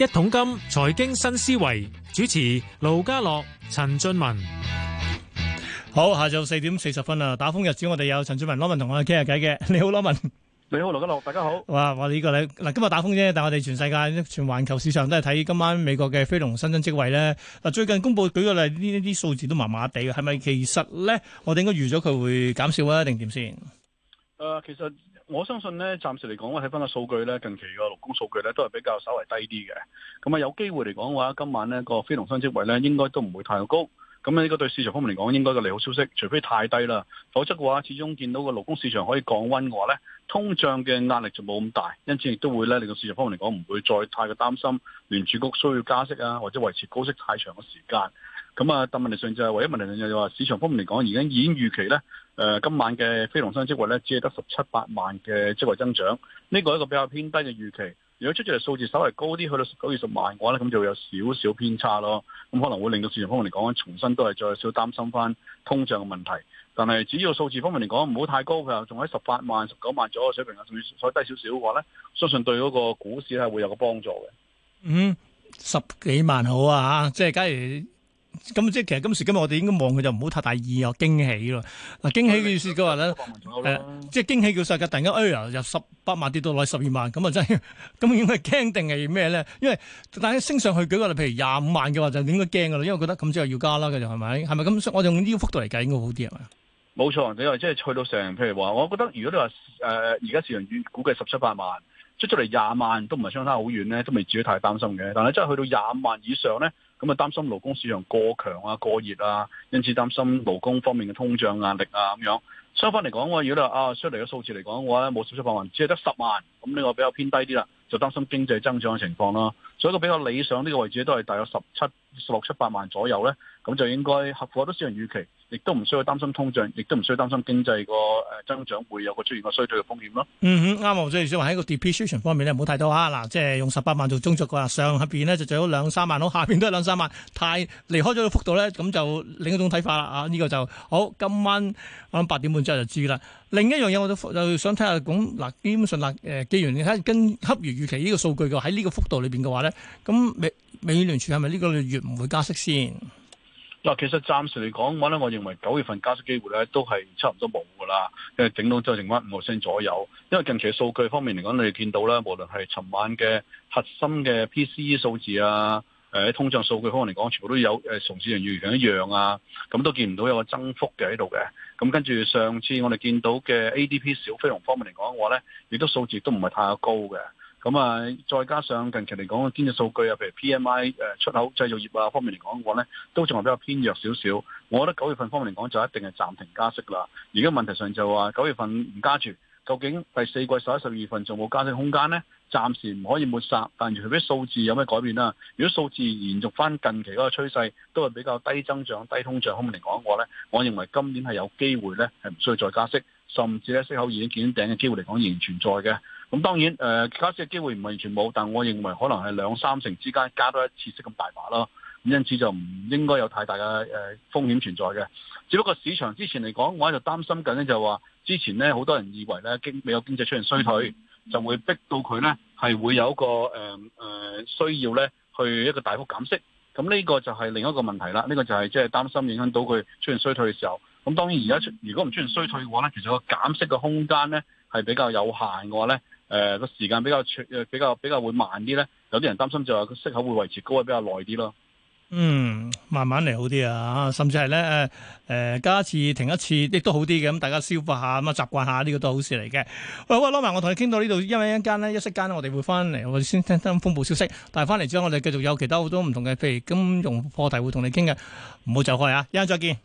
一桶金財經新思維，主持盧家樂陳俊文，好，下晝四點四十分啊！打風日子我哋有陳俊文羅文同我哋傾下偈嘅。你好，羅文。你好，盧家樂。大家好。哇，我哋呢個禮嗱，今日打風啫，但係我哋全世界全環球市場都係睇今晚美國嘅非農新增職位咧。嗱，最近公布舉個例，呢啲數字都麻麻地，係咪其實咧，我哋應該預咗佢會減少啊？定點先？誒、呃，其實。我相信咧，暫時嚟講，我睇翻個數據咧，近期個勞工數據咧都係比較稍微低啲嘅。咁啊，有機會嚟講嘅話，今晚呢個非農新職位咧應該都唔會太過高。咁咧，呢個對市場方面嚟講應該個利好消息，除非太低啦，否則嘅話始終見到個勞工市場可以降溫嘅話咧，通脹嘅壓力就冇咁大，因此亦都會咧令到市場方面嚟講唔會再太過擔心聯儲局需要加息啊，或者維持高息太長嘅時間。咁啊，但問題上就係、是，唯一問題就係、是、話，市場方面嚟講，而家已經預期咧，誒、呃，今晚嘅非農薪職位咧，只係得十七八萬嘅職位增長，呢、這個係一個比較偏低嘅預期。如果出咗嚟數字稍微高啲，去到十九二十萬嘅話咧，咁就會有少少偏差咯。咁可能會令到市場方面嚟講，重新都係再少擔心翻通脹嘅問題。但係只要數字方面嚟講唔好太高，佢仲喺十八萬、十九萬左右嘅水平啊，仲要再低少少嘅話咧，相信對嗰個股市係會有個幫助嘅。嗯，十幾萬好啊，即係假如。咁即係其實今時今日我哋應該望佢就唔好太大意啊。驚喜咯。嗱驚喜嘅意思嘅話咧，即係驚喜叫曬嘅，突然間哎呀由十八萬跌到落十二萬，咁啊真係咁應該驚定係咩咧？因為但係升上去舉個例，譬如廿五萬嘅話就應該驚嘅啦，因為覺得咁之後要加啦嘅就係咪？係咪咁？我用呢個幅度嚟計應該好啲啊。冇錯，你話即係去到成，譬如話，我覺得如果你話誒而家市場估計十七八萬，出出嚟廿萬都唔係相差好遠咧，都未至於太擔心嘅。但係真係去到廿五萬以上咧。咁啊，擔心勞工市場過強啊、過熱啊，因此擔心勞工方面嘅通脹壓力啊咁樣。相反嚟講，我如果你啊出嚟嘅數字嚟講，嘅話冇超出百萬，只係得十萬，咁呢個比較偏低啲啦，就擔心經濟增長嘅情況啦。所以個比較理想呢個位置都係大約十七、十六、七八萬左右咧，咁就應該合乎好多市場預期。亦都唔需要擔心通脹，亦都唔需要擔心經濟個誒增長會有個出現個衰退嘅風險咯。嗯哼，啱啊！我最想話喺個 depreciation 方面咧，唔好睇到啊。嗱，即係用十八萬做中軸嘅話，上下邊咧就最咗兩三萬，咯，下邊都係兩三萬。太離開咗個幅度咧，咁就另一種睇法啦。啊，呢、這個就好。今晚我諗八點半之後就知啦。另一樣嘢，我都就想睇下講嗱，基本上嗱，誒、呃，既然你睇跟恰如預期呢個數據嘅喺呢個幅度裏邊嘅話咧，咁美美聯儲係咪呢個月唔會加息先？嗱，其實暫時嚟講嘅話咧，我認為九月份加息機會咧都係差唔多冇噶啦，因為頂多就剩翻五個先左右。因為近期數據方面嚟講，你哋見到咧，無論係尋晚嘅核心嘅 PCE 數字啊，誒，通脹數據方面嚟講，全部都有誒，從事人與預期一樣啊，咁都見唔到有個增幅嘅喺度嘅。咁跟住上次我哋見到嘅 ADP 小非農方面嚟講嘅話咧，亦都數字都唔係太高嘅。咁啊，再加上近期嚟講嘅經濟數據啊，譬如 P M I 誒出口製造業啊方面嚟講嘅話咧，都仲係比較偏弱少少。我覺得九月份方面嚟講就一定係暫停加息啦。而家問題上就話九月份唔加住，究竟第四季十一、十二月份仲冇加息空間呢？暫時唔可以抹殺。但係除非數字有咩改變啦，如果數字延續翻近期嗰個趨勢，都係比較低增長、低通脹，方面嚟講嘅話咧，我認為今年係有機會咧，係唔需要再加息，甚至咧息口已經見頂嘅機會嚟講仍然存在嘅。咁當然，誒、呃、加息嘅機會唔係完全冇，但我認為可能係兩三成之間加多一次息咁大把咯。咁因此就唔應該有太大嘅誒、呃、風險存在嘅。只不過市場之前嚟講，我咧就擔心緊咧就話，之前咧好多人以為咧經美國經濟出現衰退，就會逼到佢咧係會有一個誒誒、呃呃、需要咧去一個大幅減息。咁呢個就係另一個問題啦。呢、呢個就係即係擔心影響到佢出現衰退嘅時候。咁當然而家如果唔出現衰退嘅話咧，其實個減息嘅空間咧係比較有限嘅話咧。誒，個時間比較長，誒，比較比較會慢啲咧。有啲人擔心就話個息口會維持高位比較耐啲咯。嗯，慢慢嚟好啲啊，甚至係咧誒，加一次停一次，亦都好啲嘅。咁大家消化下，咁啊習慣下，呢個都好事嚟嘅。喂，喂，攞埋我同你傾到呢度，因為一間呢，一息間我哋會翻嚟我哋先聽聽風暴消息，但係翻嚟之後我哋繼續有其他好多唔同嘅，譬如金融課題會同你傾嘅，唔好走開啊。一陣再見。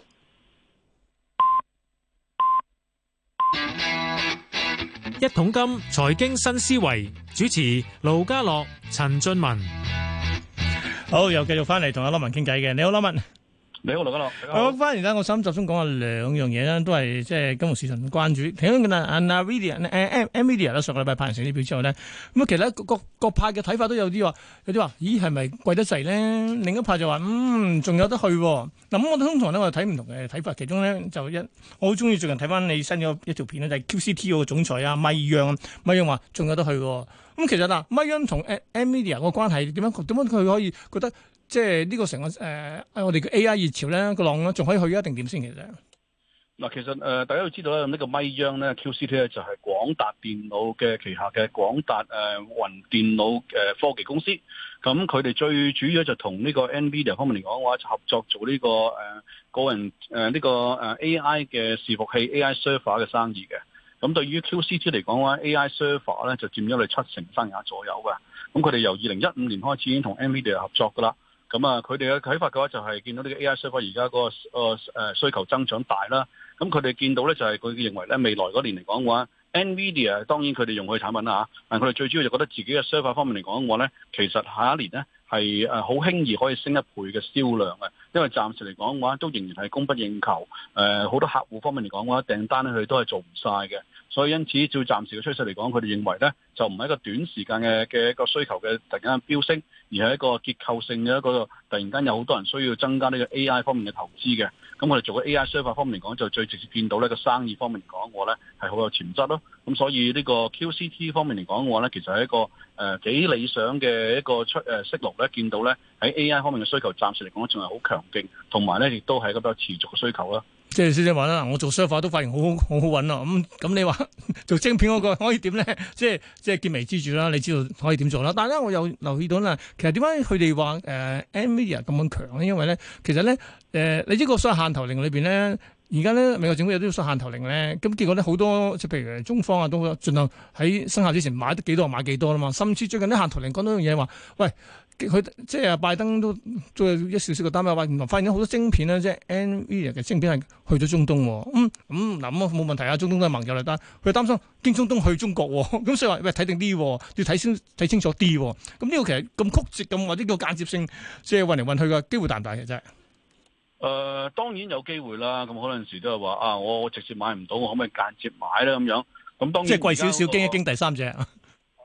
一桶金財經新思維主持盧家樂、陳俊文，好，又繼續翻嚟同阿 Roman 傾偈嘅，你好，Roman。你好，龍一龍。我翻嚟啦，我心集中講下兩樣嘢咧，都係即係金融市場關注。睇翻嗱，NVIDIA 咧，上個禮拜拍完成績表之後咧，咁啊，其實各各派嘅睇法都有啲話，有啲話，咦，係咪貴得滯咧？另一派就話，嗯，仲有得去，哦。嗱，咁我通常咧，我睇唔同嘅睇法。其中咧，就一我好中意最近睇翻你新咗一條片咧，就係、是、QCT 個總裁啊，米揚，米揚話仲有得去，哦。咁其實嗱，米揚同 NVIDIA 個關係點樣？點樣佢可以覺得？即係呢個成個誒、呃，我哋嘅 A I 熱潮咧，個浪咧，仲可以去一定點先嘅啫。嗱，其實誒、呃，大家都知道咧，這個、呢個 Mike Yang 咧 Q C T 咧就係廣達電腦嘅旗下嘅廣達誒雲電腦誒科技公司。咁佢哋最主要就同呢個 NVIDIA 方面嚟講嘅話，就合作做呢、這個誒、呃、個人誒呢、呃這個誒 A I 嘅伺服器 A I server 嘅生意嘅。咁、嗯、對於 Q C T 嚟講嘅話，A I server 咧，就佔咗你七成上下左右嘅。咁佢哋由二零一五年開始已經同 NVIDIA 合作噶啦。咁啊，佢哋嘅啟發嘅話就係見到呢個 AI server 而家個個誒需求增長大啦。咁佢哋見到咧就係佢認為咧未來嗰年嚟講嘅話，NVIDIA 當然佢哋用佢產品啦嚇，但係佢哋最主要就覺得自己嘅 server 方面嚟講嘅話咧，其實下一年咧係誒好輕易可以升一倍嘅銷量嘅。啊，因為暫時嚟講嘅話都仍然係供不應求，誒好多客戶方面嚟講嘅話訂單咧佢都係做唔晒嘅。所以因此，照暫時嘅趨勢嚟講，佢哋認為咧就唔係一個短時間嘅嘅一個需求嘅突然間飆升，而係一個結構性嘅一個突然間有好多人需要增加呢個 A.I. 方面嘅投資嘅。咁我哋做個 A.I. server 方面嚟講，就最直接見到呢個生意方面嚟講我咧係好有潛質咯。咁所以呢個 Q.C.T. 方面嚟講嘅話咧，其實係一個誒幾、呃、理想嘅一個出誒訊號咧，見到咧喺 A.I. 方面嘅需求暫時嚟講仲係好強勁，同埋咧亦都係一個比較持續嘅需求啦。即係小姐話啦，我做 s u f e r 都發現好，好好好穩啊！咁、嗯、咁你話做晶片嗰個可以點咧？即係即係見微知著啦，你知道可以點做啦？但係咧，我又留意到啦，其實點解佢哋話誒 NVIDIA 咁樣強咧？因為咧，其實咧，誒、呃，你呢個所謂限投令裏邊咧，而家咧，美國政府有啲限投令咧，咁結果咧，好多即係譬如中方啊，都盡量喺生效之前買得幾多買幾多啦嘛，甚至最近啲限投令講到樣嘢話，喂。即係拜登都做一少少嘅擔憂，話原來發現咗好多晶片咧，即係 NV 嘅晶片係去咗中東，咁咁嗱咁啊冇問題啊，中東都係盟友嚟，但佢擔心經中東去中國，咁所以話喂，睇定啲，要睇清睇清楚啲，咁呢個其實咁曲折咁或者叫間接性，即係運嚟運去嘅機會大唔大嘅啫？誒、呃，當然有機會啦，咁可能時都係話啊我，我直接買唔到，我可唔可以間接買咧？咁樣咁當然即係貴少少，經一經第三者。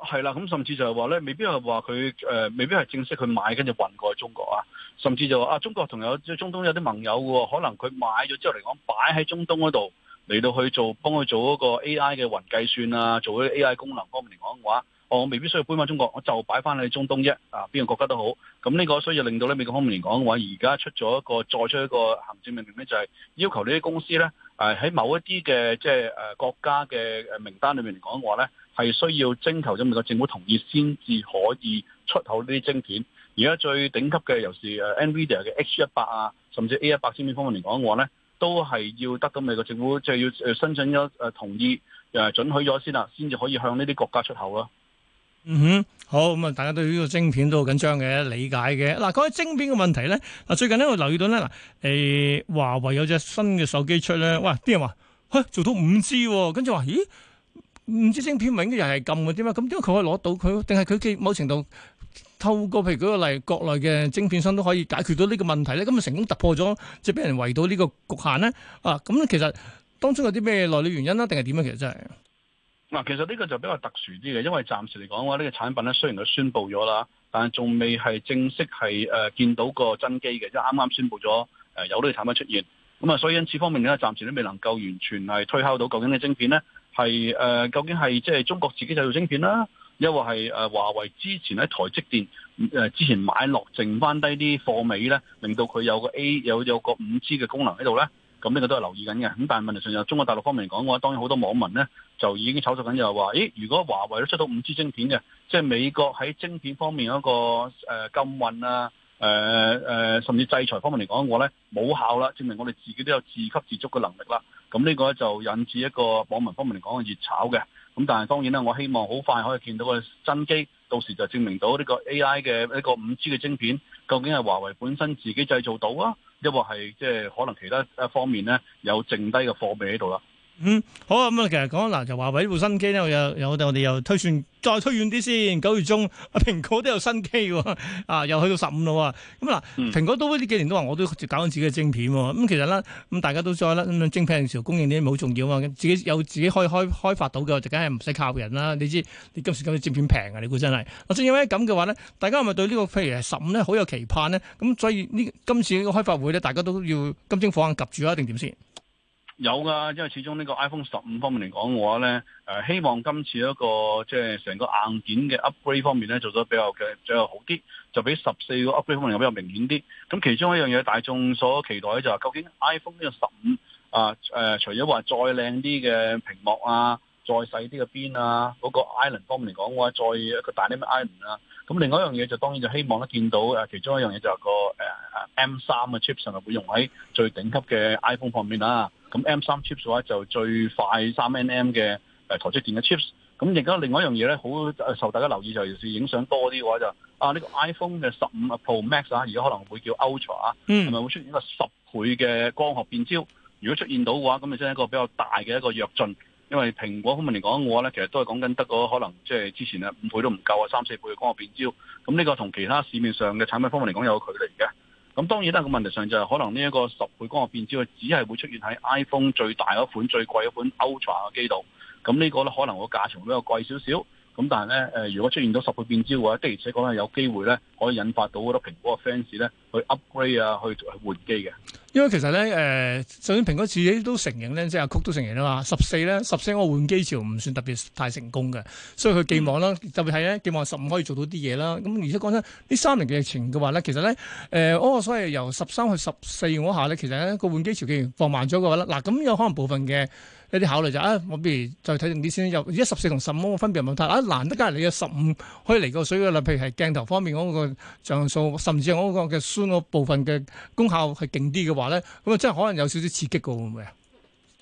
係啦，咁甚至就係話咧，未必係話佢誒，未必係正式去買跟住運過去中國啊，甚至就話啊，中國同有即係中東有啲盟友嘅，哦，可能佢買咗之後嚟講，擺喺中東嗰度嚟到去做，幫佢做一個 A I 嘅雲計算啊，做啲 A I 功能方面嚟講嘅話，我，哦，未必需要搬翻中國，我就擺翻去中東啫，啊，邊個國家都好，咁呢個所以令到咧美國方面嚟講嘅話，而家出咗一個再出一個行政命令咧，就係、是，要求呢啲公司咧。誒喺某一啲嘅即係誒國家嘅誒名單裏面嚟講嘅話咧，係需要徵求咗美國政府同意先至可以出口呢啲晶片。而家最頂級嘅尤其是誒 NVIDIA 嘅 H 一百啊，甚至 A 一百芯片方面嚟講嘅話咧，都係要得到美國政府即係、就是、要誒申請咗誒同意誒准許咗先啦，先至可以向呢啲國家出口咯。嗯哼，好咁啊！大家對呢個晶片都好緊張嘅，理解嘅。嗱、啊，講起晶片嘅問題咧，嗱最近呢，我留意到咧，嗱、欸，誒，華為有隻新嘅手機出咧，哇！啲人話做到五 G，跟住話咦，五 G 晶片唔係啲人係禁嘅，點啊？咁點解佢可以攞到佢？定係佢嘅某程度透過譬如舉個例，國內嘅晶片商都可以解決到呢個問題咧？咁啊成功突破咗，即係俾人圍到呢個局限咧？啊，咁其實當中有啲咩內裏原因啦？定係點咧？其實真係。嗱，其實呢個就比較特殊啲嘅，因為暫時嚟講嘅話，呢、這個產品咧雖然佢宣布咗啦，但係仲未係正式係誒見到個真機嘅，即係啱啱宣布咗誒有呢個產品出現，咁啊，所以因此方面咧，暫時都未能夠完全係推敲到究竟嘅晶片咧，係誒、呃、究竟係即係中國自己製造晶片啦，抑或係誒華為之前喺台積電誒、呃、之前買落剩翻低啲貨尾咧，令到佢有個 A 有有個五 G 嘅功能喺度咧。咁呢個都係留意緊嘅，咁但係問題上有中國大陸方面嚟講嘅話，當然好多網民咧就已經炒作緊，就係話：咦，如果華為都出到五 G 晶片嘅，即係美國喺晶片方面嗰個禁運啊、誒、呃、誒、呃、甚至制裁方面嚟講嘅話咧，冇效啦，證明我哋自己都有自給自足嘅能力啦。咁呢個就引致一個網民方面嚟講嘅熱炒嘅。咁但係當然咧，我希望好快可以見到個真機，到時就證明到呢個 AI 嘅一個五 G 嘅晶片，究竟係華為本身自己製造到啊！抑或係，即係可能其他一方面咧，有剩低嘅貨幣喺度啦。嗯，好啊，咁啊，其實講嗱，就華為呢部新機咧，我又我哋，我哋又推算，再推遠啲先。九月中，蘋果都有新機喎，啊，又去到十五咯喎。咁嗱，蘋果都呢幾年都話，我都搞緊自己嘅晶片。咁其實咧，咁大家都知啦，咁樣晶片嘅時候供應點好重要啊嘛。自己有自己可以開開發到嘅，就梗係唔使靠人啦。你知，你今次今樣晶片平啊，你估真係。正因為咁嘅話咧，大家係咪對呢個譬如十五咧好有期盼咧？咁所以呢今次呢個開發會咧，大家都要金睛火眼夾住啊，定點先？有噶，因為始終呢個 iPhone 十五方面嚟講嘅話咧，誒、呃、希望今次一個即係成個硬件嘅 upgrade 方面咧，做得比較嘅比較好啲，就比十四個 upgrade 方面比較明顯啲。咁其中一樣嘢，大眾所期待就係、係、究竟 iPhone 呢個、呃、十五、呃、啊誒，除咗話再靚啲嘅屏幕啊，再細啲嘅邊啊，嗰、那個 island 方面嚟講嘅話，再一個大啲嘅 island 咁、啊、另外一樣嘢就當然就希望咧見到誒、啊，其中一樣嘢就係個誒、啊、M 三嘅 chips，甚至會用喺最頂級嘅 iPhone 方面啦、啊。咁 M 三 chips 嘅話就最快三 nm 嘅台積電嘅 chips。咁而家另外一樣嘢咧，好受大家留意尤其是影相多啲嘅話就啊，呢、這個 iPhone 嘅十五 Pro Max 啊，而家可能會叫 Ultra 啊，係咪、嗯、會出現一個十倍嘅光學變焦？如果出現到嘅話，咁就真係一個比較大嘅一個躍進。因為蘋果方面嚟講嘅話咧，其實都係講緊得個可能，即係之前啊五倍都唔夠啊，三四倍嘅光學變焦，咁呢個同其他市面上嘅產品方面嚟講有個距離嘅。咁當然啦，個問題上就係可能呢一個十倍光學變焦，只係會出現喺 iPhone 最大嗰款最貴嗰款 Ultra 嘅機度。咁呢個咧，可能個價錢會比較貴少少。咁但係咧，誒如果出現咗十倍變焦嘅話，的而且確係有機會咧，可以引發到好多蘋果嘅 fans 咧去 upgrade 啊，去換機嘅。因為其實咧，誒首先蘋果自己都承認咧，即係阿曲都承認啊嘛。十四咧，十四個換機潮唔算特別太成功嘅，所以佢寄望啦，特別係咧寄望十五可以做到啲嘢啦。咁而且講真，呢三年嘅疫情嘅話咧，其實咧，誒我所謂由十三去十四嗰下咧，其實咧個換機潮嘅放慢咗嘅話咧，嗱咁有可能部分嘅。一啲考慮就啊，我不如再睇定啲先。又而家十四同十五個分別問題啊，難得隔籬你嘅十五可以嚟個水噶啦。譬如係鏡頭方面嗰個像素，甚至我嗰個嘅 zoom 嗰部分嘅功效係勁啲嘅話咧，咁啊真係可能有少少刺激噶，會唔會啊？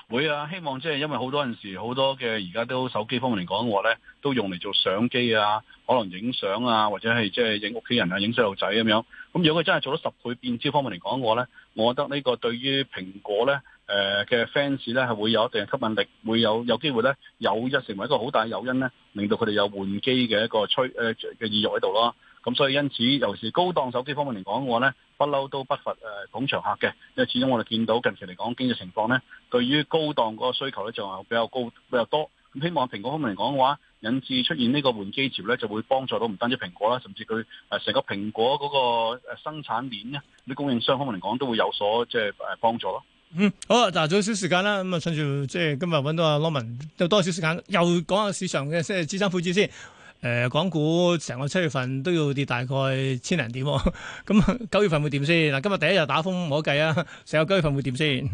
會啊！希望即係因為好多陣時，好多嘅而家都手機方面嚟講嘅話咧，都用嚟做相機啊，可能影相啊，或者係即係影屋企人啊、影細路仔咁樣。咁、嗯、如果佢真係做到十倍變焦方面嚟講嘅話咧，我覺得呢個對於蘋果咧。誒嘅 fans 咧係會有一定吸引力，會有有機會咧有一成為一個好大嘅誘因咧，令到佢哋有換機嘅一個催誒嘅、呃、意欲喺度咯。咁所以因此，尤其是高檔手機方面嚟講嘅話咧，不嬲都不乏誒、呃、捧場客嘅。因為始終我哋見到近期嚟講經濟情況咧，對於高檔嗰個需求咧仲係比較高比較多。咁希望蘋果方面嚟講嘅話，引致出現個換機呢個換機潮咧，就會幫助到唔單止蘋果啦，甚至佢誒成個蘋果嗰個誒生產鏈咧，啲供應商方面嚟講都會有所即係誒幫助咯。呃呃呃嗯，好，嗱，仲有少時間啦，咁啊，趁住即係今日揾到阿羅文，又多少時間又講下市場嘅即係資產配置先。誒、呃，港股成個七月份都要跌大概千零點，咁九月份會點先？嗱，今日第一日打風計，冇得計啊，成個九月份會點先？誒、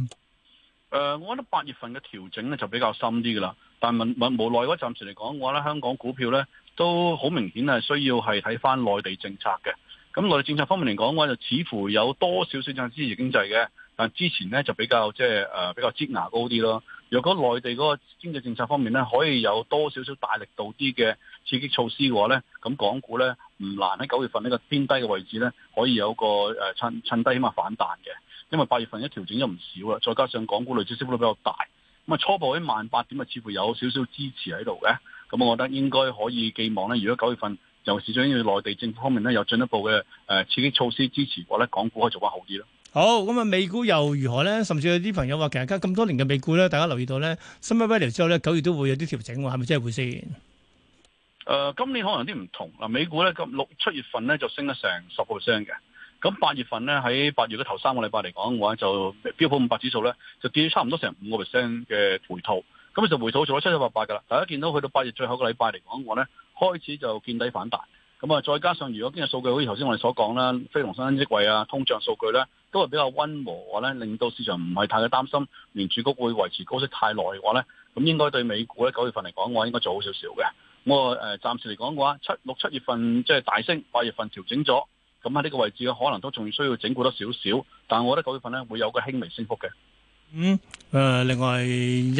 呃，我覺得八月份嘅調整咧就比較深啲噶啦，但係無奈嘅話，暫時嚟講我覺得香港股票咧都好明顯係需要係睇翻內地政策嘅。咁內地政策方面嚟講嘅話，就似乎有多少少就支持經濟嘅。但之前咧就比較即係誒比較擠牙高啲咯。如果內地嗰個經濟政策方面咧，可以有多少少大力度啲嘅刺激措施嘅話咧，咁港股咧唔難喺九月份呢個偏低嘅位置咧，可以有個誒、呃、趁趁低起碼反彈嘅。因為八月份一調整就唔少啦，再加上港股類似數幅度比較大，咁啊初步喺萬八點啊，似乎有少少支持喺度嘅。咁我覺得應該可以寄望咧，如果九月份尤其是要內地政府方面咧有進一步嘅誒刺激措施支持嘅話，或者港股可以做翻好啲咯。好咁啊、嗯，美股又如何咧？甚至有啲朋友話，其實而家咁多年嘅美股咧，大家留意到咧，summer rally 之後咧，九月都會有啲調整喎，係咪真係會先？誒、呃，今年可能有啲唔同嗱，美股咧咁六七月份咧就升咗成十個 percent 嘅，咁八月份咧喺八月嘅頭三個禮拜嚟講嘅話就標普五百指數咧就跌咗差唔多成五個 percent 嘅回吐，咁就回吐做咗七七八八噶啦。大家見到去到八月最後一個禮拜嚟講嘅話咧，開始就見底反彈。咁啊，再加上如果今日數據好似頭先我哋所講啦，非農新增職位啊，通脹數據咧，都係比較溫和嘅話，咧，令到市場唔係太嘅擔心，聯儲局會維持高息太耐嘅話咧，咁應該對美股咧九月份嚟講嘅話應該做好少少嘅。我誒、呃、暫時，嚟講嘅話，七六七月份即係大升，八月份調整咗，咁喺呢個位置嘅可能都仲需要整固多少少，但我覺得九月份咧會有個輕微升幅嘅。嗯，誒、呃、另外一。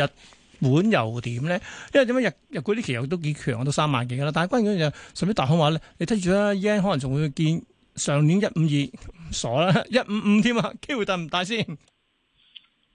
本又點咧？因為點解日日啲期油都幾強，都三萬幾噶啦。但係關鍵就係，甚至大行話咧，你睇住啦，yen 可能仲會見上年一五二，傻啦一五五添啊！機會大唔大先？誒、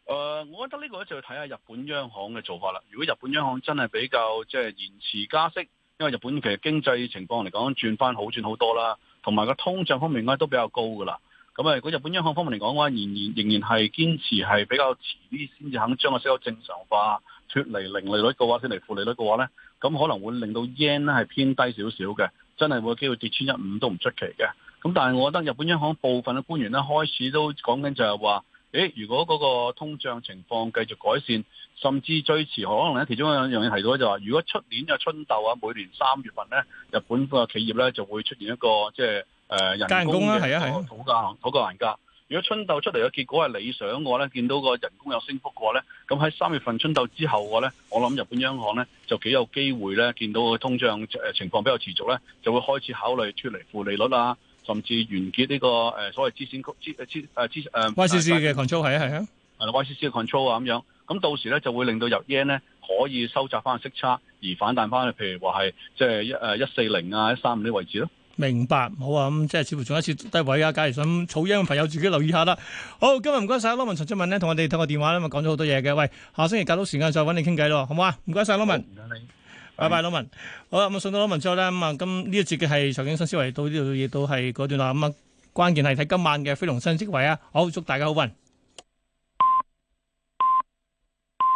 呃，我覺得呢個就要睇下日本央行嘅做法啦。如果日本央行真係比較即係延遲加息，因為日本其實經濟情況嚟講轉翻好轉好多啦，同埋個通脹方面應該都比較高噶啦。咁啊，如果日本央行方面嚟講嘅話，仍然仍然係堅持係比較遲啲先至肯將個息口正常化。脫離零利率嘅話，先嚟負利率嘅話咧，咁可能會令到 yen 咧係偏低少少嘅，真係會機會跌穿一五都唔出奇嘅。咁但係，我覺得日本央行部分嘅官員咧開始都講緊就係話，誒，如果嗰個通脹情況繼續改善，甚至最遲，可能咧其中一樣嘢提到就話，如果出年嘅春鬥啊，每年三月份咧，日本個企業咧就會出現一個即係誒人工嘅、係啊、係啊、係啊、土價、土價、樓價。如果春鬥出嚟嘅結果係理想嘅話咧，見到個人工有升幅嘅話咧，咁喺三月份春鬥之後嘅話咧，我諗日本央行咧就幾有機會咧見到個通脹誒情況比較持續咧，就會開始考慮脫離負利率啦，甚至完結呢、這個誒所謂資產局資資誒資誒 YCC 嘅 control 係啊係啊，係啦 YCC 嘅 control 啊咁樣，咁到時咧就會令到入 yen 咧可以收窄翻息差而反彈翻去，譬如話係即係一誒一四零啊一三五呢位置咯。明白，好啊，咁、嗯、即係似乎仲有一次低位啊。假如想草嘢嘅朋友，自己留意下啦。好，今日唔該晒，老文陳俊文咧，同我哋透過電話咧，咪講咗好多嘢嘅。喂，下星期隔都時間再揾你傾偈咯，好唔好啊？唔該晒，老文。唔該你。你你拜拜，老文。拜拜好啦，咁、嗯、上到老文之後呢。咁、嗯、啊，今、嗯、呢一節嘅係財經新思維到呢度嘢，都係嗰段啦。咁啊，關鍵係睇今晚嘅飛龍新思維啊。好，祝大家好運。